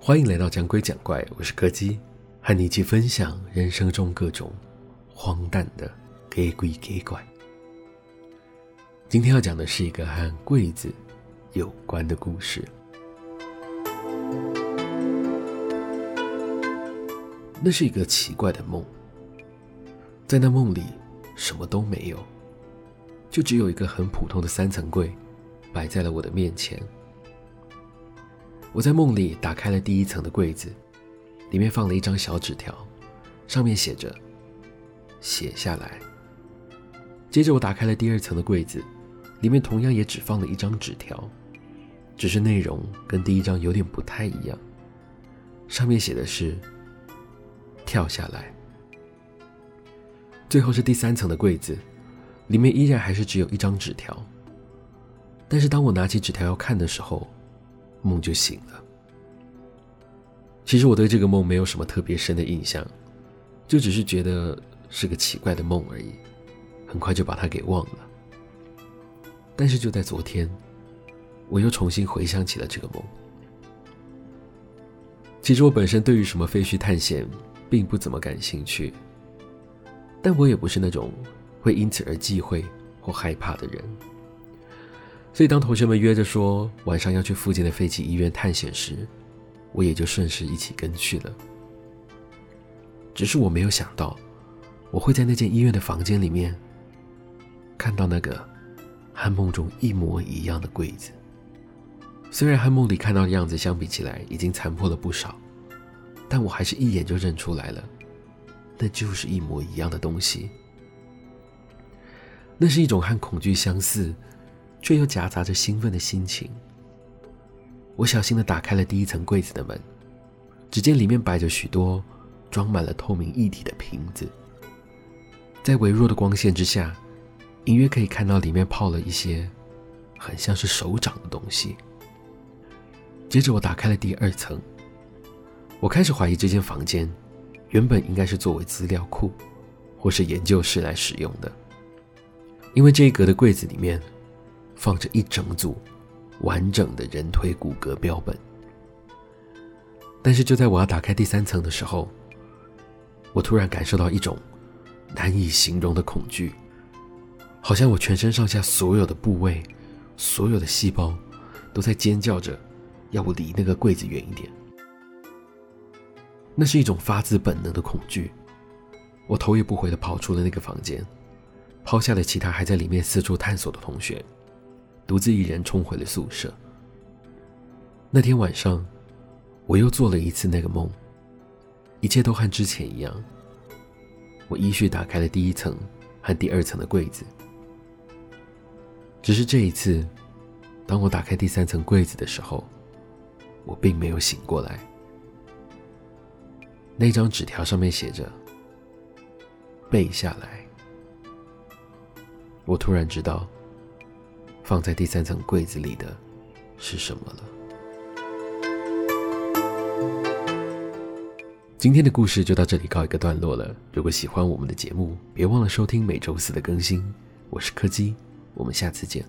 歡迎來到講鬼講怪，我是柯基，和你一起分享人生中各種荒誕的假鬼假怪。今天要講的是一個和櫃子有關的故事。那是一個奇怪的夢，在那夢裡，什麼都沒有，就只有一個很普通的三層櫃，擺在了我的面前。我在夢裡打開了第一層的櫃子，裡面放了一張小紙條，上面寫着“寫下來”。接着我打開了第二層的櫃子，裡面同樣也只放了一張紙條，只是內容跟第一張有點不太一樣，上面寫的是“跳下來”。最後是第三層的櫃子，裡面依然還是只有一張紙條。但是當我拿起紙條要看的時候，夢就醒了。其實我對這個夢沒有什麼特別深的印象，就只是覺得是個奇怪的夢而已，很快就把它給忘了。但是就在昨天，我又重新回想起了這個夢。其實我本身對於什麼廢墟探險並不怎麼感興趣。但我也不是那種會因此而忌諱或害怕的人，所以當同學們約着說晚上要去附近的廢棄醫院探險時，我也就順勢一起跟去了。只是我沒有想到，我會在那間醫院的房間裡面看到那個和夢中一模一樣的櫃子。雖然和夢裡看到的樣子相比起來已經殘破了不少，但我還是一眼就認出來了。那就是一模一樣的東西。那是一種和恐懼相似，卻又夾雜着興奮的心情。我小心的打開了第一層櫃子的門，只見裡面擺着許多裝滿了透明液體的瓶子，在微弱的光線之下，隱約可以看到裡面泡了一些很像是手掌的東西。接着我打開了第二層，我開始懷疑這間房間。原本應該是作為資料庫，或是研究室來使用的，因為這一格的櫃子裡面放着一整組完整的人腿骨骼標本。但是就在我要打開第三層的時候，我突然感受到一種難以形容的恐懼，好像我全身上下所有的部位、所有的細胞都在尖叫着，要我離那個櫃子遠一點。那是一種發自本能的恐懼，我頭也不回的跑出了那個房間，拋下了其他還在裡面四處探索的同學，獨自一人衝回了宿舍。那天晚上，我又做了一次那個夢，一切都和之前一樣。我依序打開了第一層和第二層的櫃子，只是這一次，當我打開第三層櫃子的時候，我並沒有醒過來。那張紙條上面寫着：“背下來。”我突然知道，放在第三層櫃子裡的是什麼了。今天的故事就到這裡告一個段落了。如果喜歡我們的節目，別忘了收聽每週四的更新。我是柯基，我們下次見。